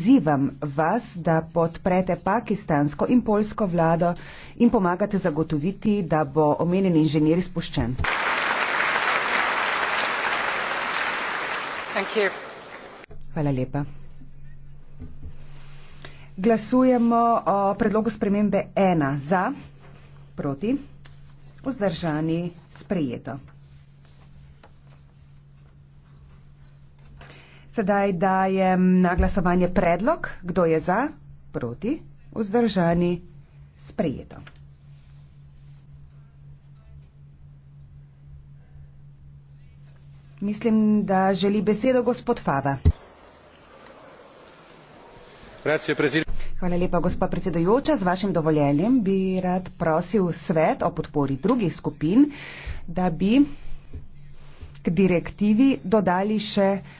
Pozivam vas, da podprete pakistansko in polsko vlado in pomagate zagotoviti, da bo omenjen inženir izpuščen. Hvala lepa. Glasujemo o predlogu spremembe 1 za, proti, vzdržani, sprejeto. Sedaj dajem na glasovanje predlog, kdo je za, proti, vzdržani, sprejeto. Mislim, da želi besedo gospod Fava. Hvala lepa, gospa predsedojoča. Z vašim dovoljenjem bi rad prosil svet o podpori drugih skupin, da bi k direktivi dodali še